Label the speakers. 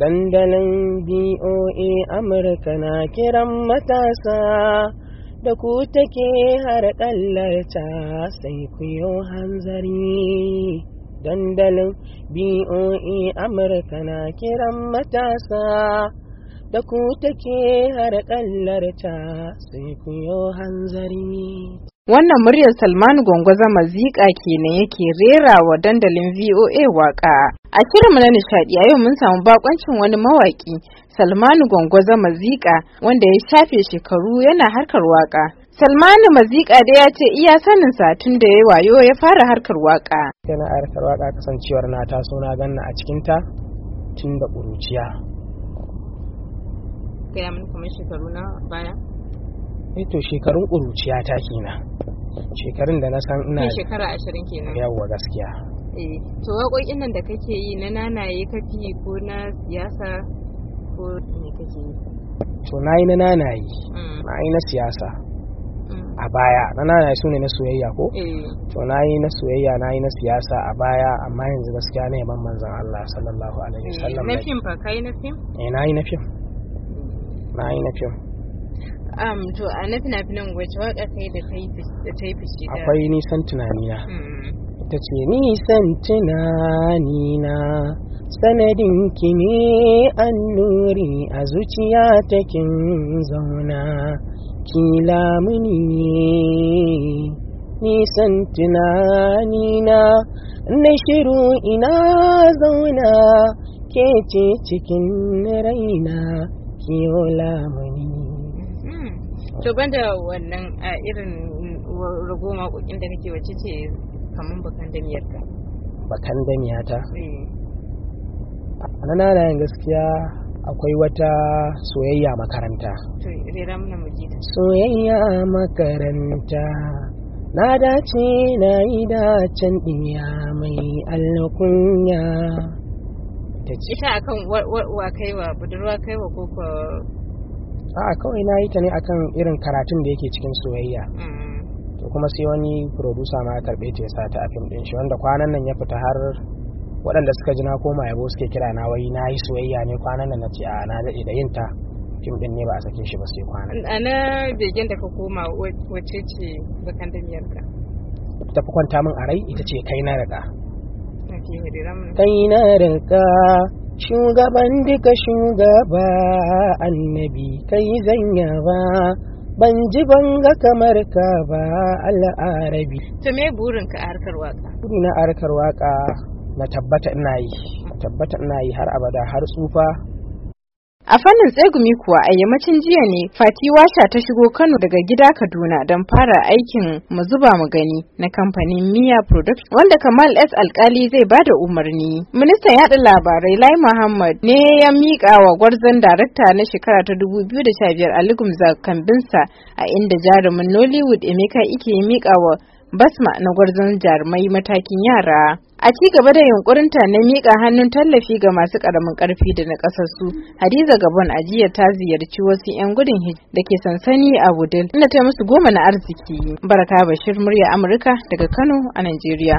Speaker 1: Dandalin BOA Amurka na kiran matasa da ku take har ta sai ku yi hanzari. Dandalin BOA Amurka na kiran matasa da ku take har ta sai ku yi hanzari.
Speaker 2: Wannan muryar Salman Gwangwaza maziƙa kenan yake rera wa dandalin VOA waƙa. A shirinmu na nishaɗi a yau mun samu bakoncin wani mawaƙi Salmanu Gwangwaza maziƙa wanda ya shafe shekaru yana harkar waƙa. Salmanu mazika da ya ce iya sanin satun da ya wayo ya fara
Speaker 3: harkar waƙa. Yana harkar waƙa kasancewar na taso na ganna a cikinta tun da ƙuruciya.
Speaker 2: kuma shekaru na baya?
Speaker 3: eh to shekarun ƙuruciya ta kenan shekarun da na san ina shekara ashirin kenan yawwa gaskiya
Speaker 2: eh to waƙoƙin nan da kake yi na nanaye kafi ko na
Speaker 1: siyasa ko me kake yi
Speaker 3: to na yi na nanaye mm. na yi na siyasa mm. a baya na nanaye su ne na soyayya ko eh. to na yi na soyayya na yi na siyasa a baya amma yanzu gaskiya na yaban manzon Allah sallallahu alaihi eh, wasallam na
Speaker 2: fim fa kai na fim
Speaker 3: eh na yi na fim mm. na yi na fim
Speaker 2: um, to a na fina-finan wace waka kai da ta yi fice da akwai
Speaker 1: nisan tunani na mm. ta ce nisan tunani na sanadin ki ne alluri a zuciya ta kin zauna ki lamuni nisan tunani na na shiru ina zauna ke ce cikin raina ki kiyo lamuni
Speaker 2: to banda wannan a irin rago kokin da nake wace ce kamar bakan damiyar ka
Speaker 3: bakan damiya ta eh. a nan gaskiya akwai wata soyayya makaranta
Speaker 1: soyayya makaranta na dace na yi dacen ɗiya mai alkunya
Speaker 2: ita akan wa kaiwa budurwa kaiwa ko
Speaker 1: a'a kawai na yi ta ne akan irin
Speaker 3: karatun da yake cikin soyayya mm. to kuma sai wani producer ma ya karbe ta ya sa ta a fim din shi wanda kwanan nan ya fita har waɗanda suka ji na koma yabo suke kira na wai na yi soyayya ne kwanan nan na ce a na daɗe da yin ta fim din ne ba a sakin shi ba sai kwanan a
Speaker 2: na begen da ka koma wacce ce bakan damiyar ka
Speaker 3: ta fi kwanta min a rai ita ce kai na riga
Speaker 1: kai na riga shugaban duka shugaba annabi kai zanya ba ban ji ban ga kamar ka ba al'arabi
Speaker 2: to me burin ka harkar waka
Speaker 3: buri a harkar waka na tabbata ina yi tabbata ina yi har abada har tsufa
Speaker 2: A fannin tsegumi kuwa a yammacin jiya ne Fati Washa ta shigo Kano daga gida Kaduna don fara aikin mu zuba mu gani na kamfanin Miya Products wanda Kamal S alkali zai ba da umarni. Ministan yaɗa labarai Lai Muhammad ne ya miƙa wa gwarzon darakta na shekara ta 2015 a Ligumza Kambinsa a inda jarumin Nollywood Emeka Ike ya miƙa wa basma na gwarzon jarumai matakin yara a ci gaba da yunkurinta na miƙa hannun tallafi ga masu ƙaramin ƙarfi da na ƙasarsu hadiza gabon a jiya ta ziyarci wasu 'yan gudun hijira da ke sansani a
Speaker 1: wudil inda ta musu goma na arziki baraka bashir murya amurka daga kano a najeriya